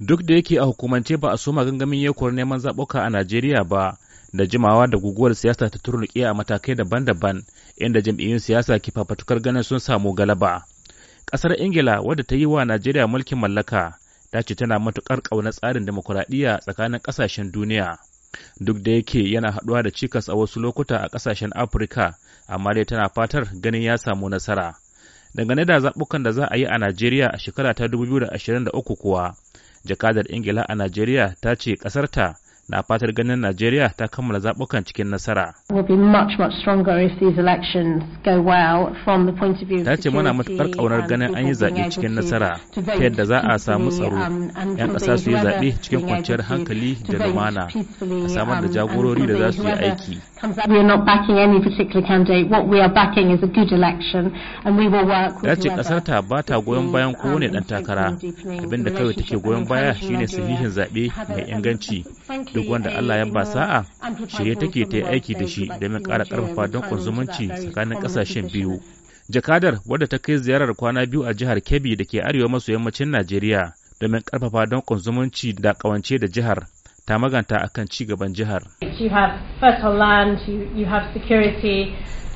Duk da yake a hukumance ba a soma gangamin yakuwar neman zaɓuka a Najeriya ba, da jimawa da guguwar siyasa ta turnuƙe a matakai daban-daban inda jam'iyyun siyasa ke fafatukar ganin sun samu galaba. Ƙasar Ingila wadda ta yi wa Najeriya mulkin mallaka ta ce tana matuƙar ƙaunar tsarin demokuraɗiyya tsakanin ƙasashen duniya. Duk da yake yana haɗuwa da cikas a wasu lokuta a ƙasashen Afirka, amma dai tana fatar ganin ya samu nasara. Dangane da zaɓukan da za a yi a Najeriya a shekara ta uku kuwa, jakadar ingila a najeriya ta ce ƙasarta na fatar ganin Najeriya ta kammala zaɓukan cikin nasara. Ta ce muna matuƙar ƙaunar ganin an yi zaɓe cikin nasara ta yadda za a samu tsaro, um, 'yan ƙasa su yi zaɓe cikin kwanciyar hankali da lumana, a samar da um, jagorori da za su yi aiki. Ta ce ƙasar ta ba ta goyon bayan kowane um, ɗan takara, abinda kawai take goyon baya shine sahihin zaɓe mai inganci. duk wanda Allah ya ba sa'a shirye take ta yi aiki da shi domin ƙara ƙarfafa don zumunci tsakanin ƙasashen biyu. Jakadar wadda ta kai ziyarar kwana biyu a jihar Kebbi da ke arewa maso yammacin Najeriya domin ƙarfafa don zumunci da ƙawance da jihar ta maganta akan ci gaban jihar.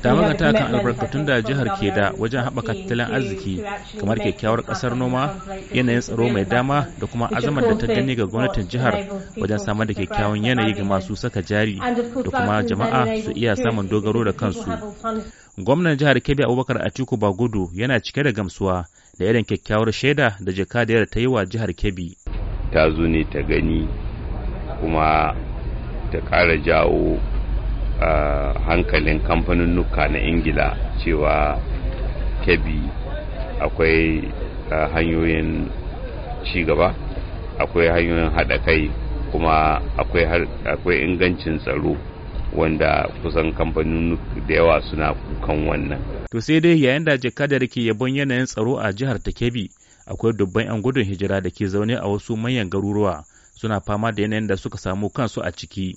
ta maganta kan albarkatun da jihar ke da wajen haɓaka tattalin arziki kamar kyakkyawar ƙasar noma yanayin tsaro mai dama da kuma azamar da ta gani ga gwamnatin jihar wajen samar da kyakkyawan yanayi ga masu saka jari da kuma jama'a su iya samun dogaro da kansu gwamnan jihar kebbi abubakar atiku bagudu yana cike da gamsuwa da irin kyakkyawar shaida da jakadiyar ta yi wa jihar kebbi ta zo ne ta gani kuma ta ƙara jawo hankalin kamfanin nuka na ingila cewa kebi akwai hanyoyin cigaba akwai hanyoyin haɗa kai kuma akwai ingancin tsaro wanda kusan kamfanin da yawa suna kukan wannan. To sai dai yayin da jakadar ke yabon yanayin tsaro a jihar ta kebi akwai dubban 'yan gudun hijira da ke zaune a wasu manyan garuruwa suna fama da yanayin da suka samu kansu a ciki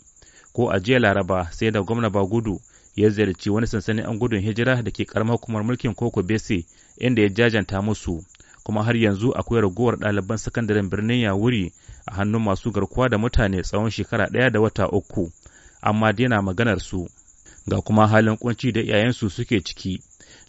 ko a jiya laraba sai da gwamna bagudu ya ziyarci wani sansanin an gudun hijira da ke karamar hukumar mulkin koko bese inda ya jajanta musu kuma har yanzu akwai ragowar ɗaliban sakandaren birnin yawuri a hannun masu garkuwa da mutane tsawon shekara ɗaya da wata uku amma daina maganar su ga kuma halin kunci da iyayensu suke ciki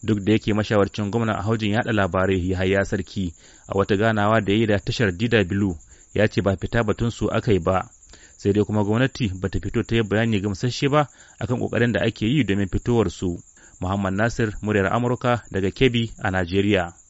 duk da yake mashawarcin gwamna a haujin yaɗa labarai yahaya sarki a wata ganawa da ya yi da tashar dida bilu. ya ce ba fita batun su aka yi ba sai dai kuma gwamnati ba ta fito ta yi bayani gamsasshe ba akan kokarin da ake yi domin fitowar su muhammad nasir muryar amurka daga kebbi a najeriya